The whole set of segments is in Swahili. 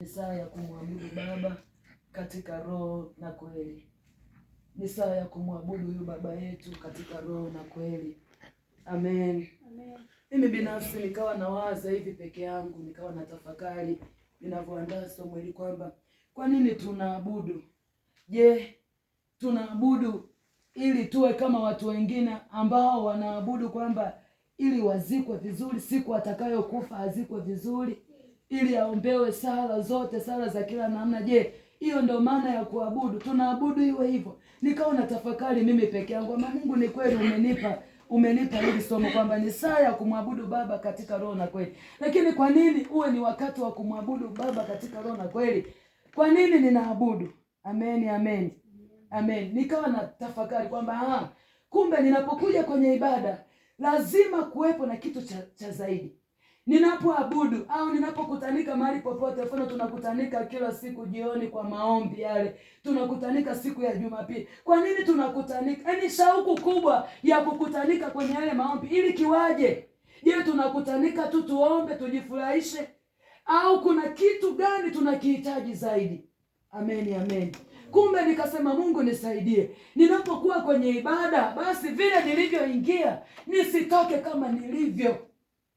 Ni saa ya kumwabudu Baba katika roho na kweli. Ni saa ya kumwabudu huyu Baba yetu katika roho na kweli. Amen. Amen. Mimi binafsi nikawa nawaza hivi peke yangu, nikawa na tafakari ninavyoandaa somo hili kwamba kwa nini tunaabudu? Je, tunaabudu ili tuwe kama watu wengine ambao wanaabudu kwamba ili wazikwe vizuri, siku atakayokufa azikwe vizuri? ili aombewe sala zote, sala za kila namna. Je, hiyo ndio maana ya kuabudu? Tunaabudu iwe hivyo. Nikawa na tafakari mimi peke yangu, ama Mungu, ni kweli umenipa umenipa hili somo kwamba ni saa ya kumwabudu Baba katika roho na kweli. Lakini kwa nini uwe ni wakati wa kumwabudu Baba katika roho na kweli? Kwa nini ninaabudu? Amen, amen, amen. Nikawa na tafakari kwamba ah, kumbe ninapokuja kwenye ibada lazima kuwepo na kitu cha, cha zaidi Ninapoabudu au ninapokutanika mahali popote, mfano tunakutanika kila siku jioni kwa maombi yale, tunakutanika siku ya Jumapili. Kwa nini tunakutanika? Yaani shauku kubwa ya kukutanika kwenye yale maombi ili kiwaje? Je, tunakutanika tu tuombe, tujifurahishe, au kuna kitu gani tunakihitaji zaidi? Amen, amen. Kumbe nikasema Mungu nisaidie, ninapokuwa kwenye ibada, basi vile nilivyoingia nisitoke kama nilivyo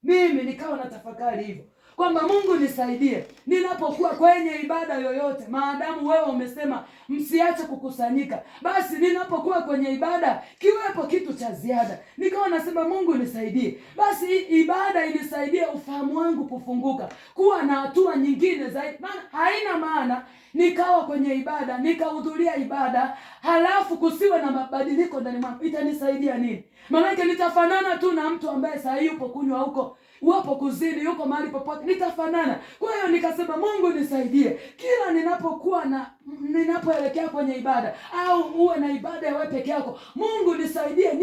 mimi nikawa na tafakari hivyo, kwamba Mungu nisaidie ninapokuwa kwenye ibada yoyote, maadamu wewe umesema msiache kukusanyika, basi ninapokuwa kwenye ibada kiwepo kitu cha ziada. Nikawa nasema Mungu nisaidie, basi ibada inisaidie ufahamu wangu kufunguka, kuwa na hatua nyingine zaidi, maana haina maana nikawa kwenye ibada nikahudhuria ibada halafu kusiwe na mabadiliko ndani mwangu, itanisaidia nini? Maanake nitafanana tu na mtu ambaye saa hii yupo kunywa huko wapo kuzini, yuko mahali popote, nitafanana. Kwa hiyo nikasema, Mungu nisaidie, kila ninapokuwa na ninapoelekea kwenye ibada au uwe na ibada ya wewe peke yako, Mungu nisaidie.